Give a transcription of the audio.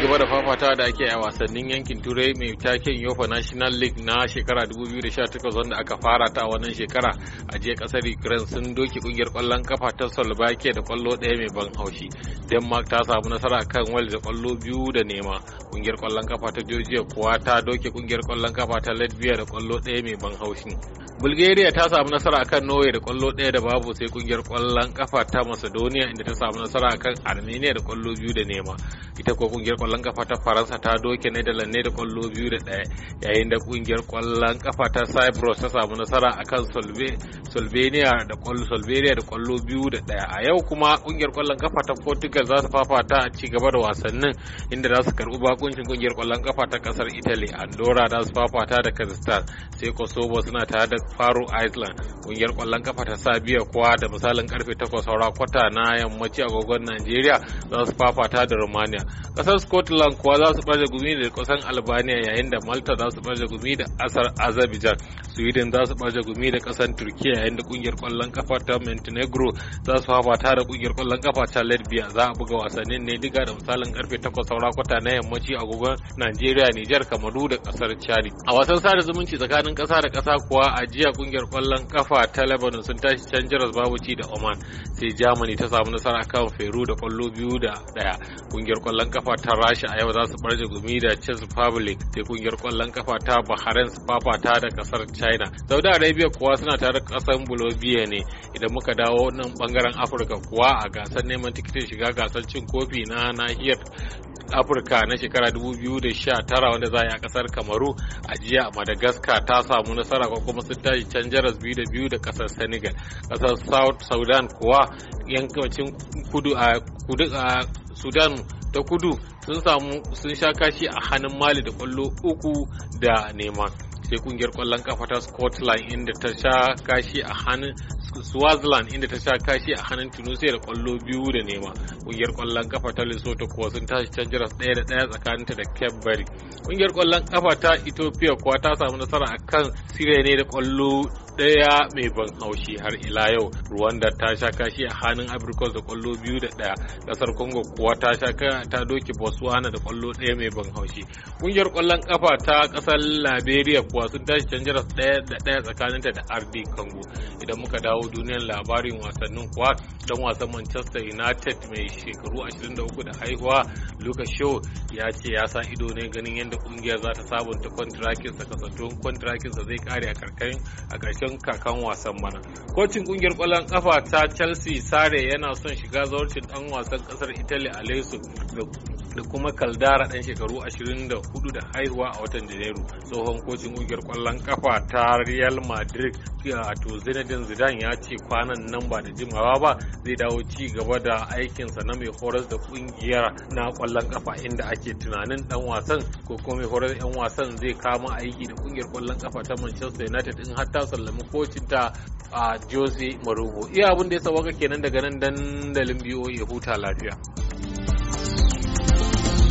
gaba da fafata da ake a wasannin yankin turai mai taken yofa national league na shekara 2018 wanda aka fara ta wannan shekara a jiya kasar ukraine sun doke kungiyar kwallon kafa ta slovakia da kwallo daya mai ban haushi denmark ta samu nasara kan wales da kwallo biyu da nema kungiyar kwallon kafa ta georgia kuwa ta doke kungiyar kwallon kafa ta latvia da kwallo daya mai ban haushi bulgaria ta samu nasara akan norway da kwallo ɗaya da babu sai kungiyar kwallon kafa ta macedonia inda ta samu nasara akan armenia da kwallo biyu da nema ita kuwa kungiyar kwallon kafa ta faransa ta doke netherlands ne da kwallo biyu da ɗaya yayin da kungiyar kwallon kafa ta cyprus ta samu nasara akan slovenia da kwallo slovenia da kwallo biyu da ɗaya a yau kuma kungiyar kwallon kafa ta portugal za su fafata a ci gaba da wasannin inda za su karɓi bakuncin kungiyar kwallon kafa ta kasar italy andorra za su fafata da kazakhstan sai kosovo suna tare da faro island kungiyar kwallon kafa ta sabiya kuwa da misalin karfe 8 saura kwata na yammaci agogon nigeria za su fafata da romania kasar scotland kuwa za su barje gumi da kusan albania yayin da malta za su barje gumi da asar azerbaijan sweden za su baje gumi da kasar turkiya yayin da ƙungiyar kwallon kafa ta montenegro za su ta da ƙungiyar kwallon kafa ta latvia za a buga wasannin ne diga da misalin karfe 8 saura kwata na yammaci a agogon najeriya nijar kamaru da kasar chari a wasan sada zumunci tsakanin ƙasa da kasa kuwa a jiya kungiyar kwallon kafa ta lebanon sun tashi can jiras babu ci da oman sai germany ta samu nasara kan feru da kwallo biyu da daya ƙungiyar kwallon kafa ta rasha a yau za su barje gumi da czech republic sai ƙungiyar kwallon kafa ta bahrain su fafata da kasar china china saudi arabia kuwa suna tare kasan bolivia ne idan muka dawo nan bangaren afirka kuwa a gasar neman tikitin shiga gasar cin kofi na nahiyar afirka na shekara 2019 wanda za a yi a kasar kamaru a jiya madagascar ta samu nasara ko kuma sun tashi can biyu da biyu da kasar senegal kasar south sudan kuwa yankacin kudu a kudu a sudan ta kudu sun samu sun sha kashi a hannun mali da kwallo uku da neman. sai kungiyar kwallon kafa ta Scotland inda ta sha kashi a hannun Swaziland inda ta sha kashi a hannun Tunisia da kwallo biyu da nema. Kungiyar kwallon kafa ta Lesotho kuwa sun tashi can jiras ɗaya da ɗaya tsakaninta da Cape Verde. Kungiyar kwallon kafa ta Ethiopia kuwa ta samu nasara akan kan Syria da kwallo daya mai ban haushi har ila yau Rwanda ta sha kashi a hannun Africa da kwallo biyu da ɗaya ƙasar Congo kuwa ta sha ta doke Botswana da kwallo ɗaya mai ban haushi ƙungiyar kwallon kafa ta ƙasar Liberia kuwa sun tashi canjaras ɗaya da ɗaya tsakaninta da RD Congo idan muka dawo duniyar labarin wasannin kuwa dan wasan Manchester United mai shekaru 23 da haihuwa Lucas Shaw ya ce ya sa ido ne ganin yadda kungiyar za ta sabunta sa kasantun kasantuwan sa zai kare a karshen kakan wasan bana kocin kungiyar kwallon kafa ta chelsea sare yana son shiga zaurcin dan wasan kasar italy alessio da kuma Kaldara dan shekaru 24 da haihuwa a watan Janairu. Tsohon kocin ƙungiyar kwallon kafa ta Real Madrid to Zinedine Zidane ya ce kwanan nan ba da jimawa ba zai dawo ci gaba da aikinsa na mai horas da ƙungiyar na kwallon kafa inda ake tunanin dan wasan ko kuma mai horas yan wasan zai kama aiki da kungiyar kwallon kafa ta Manchester United in har ta sallami kocin ta a Jose maroochydore. Iya abin da ya sawaka kenan daga nan dandalin ya huta lafiya.